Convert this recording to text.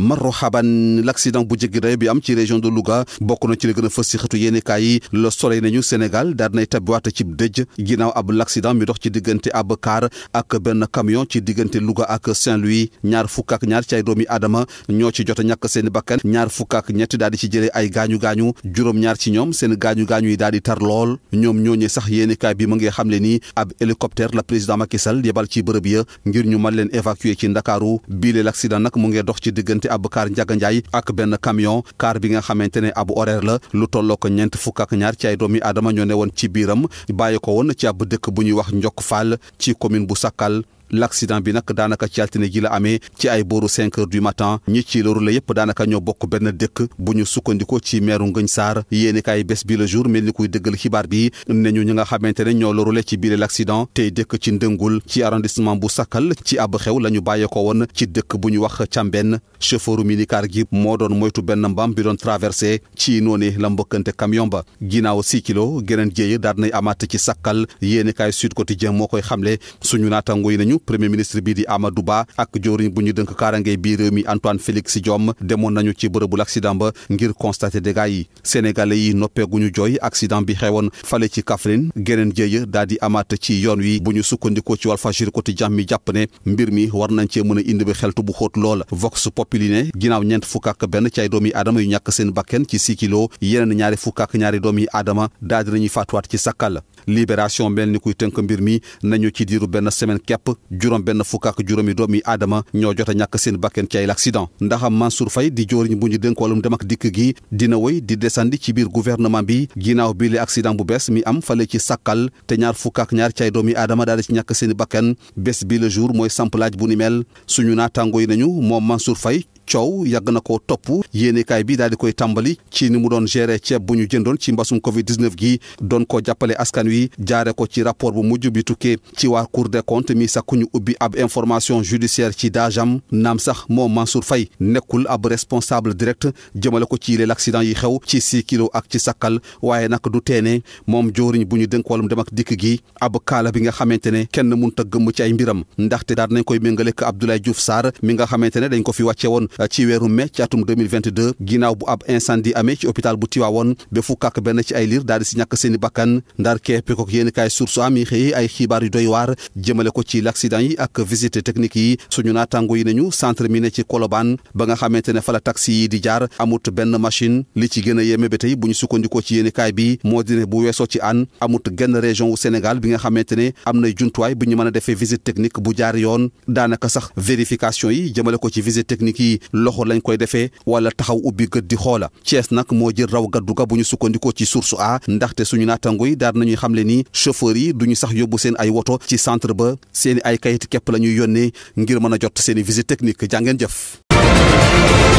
marhaban l' accident bu jéggi day bi am ci région de Louga bokk na ci la gën a fës si xëtu yéenekaay yi Le Soleil nañu Sénégal daal nay tabbiwaat ci dëj ginnaaw ab l' accident mi dox ci diggante ab kaar ak benn camion ci diggante Louga ak Saint-Louis ñaar fukk ak ñaar ci ay doomi aadama ñoo ci jot a ñàkk seen bakkan ñaar fukk ak ñetti daal di ci jëlee ay gaañu gaañu juróom ñaar ci ñoom seen gaañu gaañu yi daal di tar lool ñoom ñooñee sax yéenekaay bi mu ngi xamle ni ab hélicoptère la président Macky Sall yebal ci bërëb ya ngir ñu mën leen évacuer ci Ndakaaru bii l' accident nag mu ngi dox ci diggante ab kaar Njaga Njaay ak benn camion kaar bi nga xamante ne ab horaire la lu tolloo ko ñeent fukk ak ñaar ci ay doomi aadama ñoo ne woon ci biiram bàyyi ko woon ci ab dëkk bu ñuy wax Njok Fall ci commune bu Sakal l' bi nag daanaka ci altine ji la amee ci ay booru cinq heures du matin ñi ci loru la yëpp daanaka ñoo bokk benn dëkk bu ñu sukkandikoo ci meeru Ngëñ Saar yéeni kaay bés bi le jour mel ni kuy dëggal xibaar bi ne ñu ñi nga xamante ne ñoo lorule ci biir l' tey dëkk ci ndëngul ci arrondissement bu sakkal ci ab xew la ñu bàyyee ko woon ci dëkk bu ñu wax Càmbenn chauffeuru minicar gi moo doon moytu benn mbaam bi doon traverse ci noonu la mbëkkante camion ba ginnaaw six kilo geneen jéeye daal nay amaat ci Sakal yéeni kaay Sud Quotidien moo koy xamle suñu naatango yi nañu premier ministre bii di Amadou Ba ak jëwriñ bu ñu dënk kaaraange bii réew mi Antoine Félix Diome demoon nañu ci bërëbul accident ba ngir constater dégâts yi sénégalais yi noppeeguñu jooy accident bi xewoon fale ci Kaffrine geneen jëye daal di amaat ci yoon wi bu ñu sukkandikoo ci Walfadjri quotidien mi jàpp ne mbir mi war nañ cee mën a indi bi xeltu bu xóot lool Vox Populi ne ginnaaw ñeent fukk ak benn ci ay doomi aadama yu ñàkk seen bakken ci six kilo yeneen ñaari fukk ak ñaari doomi aadama daal di nañuy faatuwaat libération mel ni kuy tënk mbir mi nañu ci diiru benn semaine kepp juróom benn fukk ak juróomi doomi aadama ñoo jot a ñàkk seen bakken ci ay l'accident ndax Mansour Faye di jóoriñ bu ñu dénk wàllum demak dikk gi dina woy di desandi ci biir gouvernement bi ginnaaw bii li accident bu bees mi am fale ci sàkkal te ñaar fukk ak ñaar ci ay doomi aadama daal di ci ñàkk seen bakken bés bii la jour mooy samp laaj bu ni mel suñu naataango yi nañu moom Mansour Faye coow yàgg na koo topp yéenekaay bi daal di koy tàmbali ci ni mu doon gérer ceeb bu ñu jëndoon ci mbasum covid 19 gi doon ko jàppale askan wi jaare ko ci rapport bu mujj bi tukkee ci waa cour des comptes mi sàkku ubbi ab information judiciaire ci daajam naam sax moom Mansour fay nekkul ab responsable direct jëmale ko ci les accidents yi xew ci six kilo ak ci sakkal waaye nag du teene moom jooriñ bu ñu dënk wàllum dem ak dikk gi ab kaala bi nga xamante ne kenn mënut a gëmm ci ay mbiram ndaxte daal nañ koy méngale ak Abdoulaye Diouf Sarr mi nga xamante ne dañ ko fi wàcce woon ci weeru mai ci atum 2022 ginnaaw bu ab incendie amee ci hôpital bu Tiwaawoon ba fukk ak benn ci ay liir daal di si ñàkk seen i bakkan ndar keepekook yéen i kaay source am yi xëy ay xibaar yu doy waar jëmale ko ci l'accident yi ak visite technique yi suñu naataango yi nañu centre mi ne ci Colobane ba nga xamante ne fa la taxi yi di jaar amut benn machine li ci gën a yeme ba tey bu ñu sukkandikoo ci yéen bi moo di ne bu weesoo ci an amut genn région wu Sénégal bi nga xamante ne am nay juntuwaay bu ñu mën a defee visite technique bu jaar yoon daanaka sax vérification yi jëmale ko ci visite technique yi loxo lañu koy defee wala taxaw ubbi gët di xoola Thiès nag moo jël raw gaddu ga bu ñu sukkandikoo ci source a ndaxte suñu naatango yi daar nañuy xamle ni chauffeur yi duñu sax yóbbu seen ay woto ci centre ba seen ay kayit képp la ñuy yónnee ngir mën a jot seeni visite technique jàngeen jëf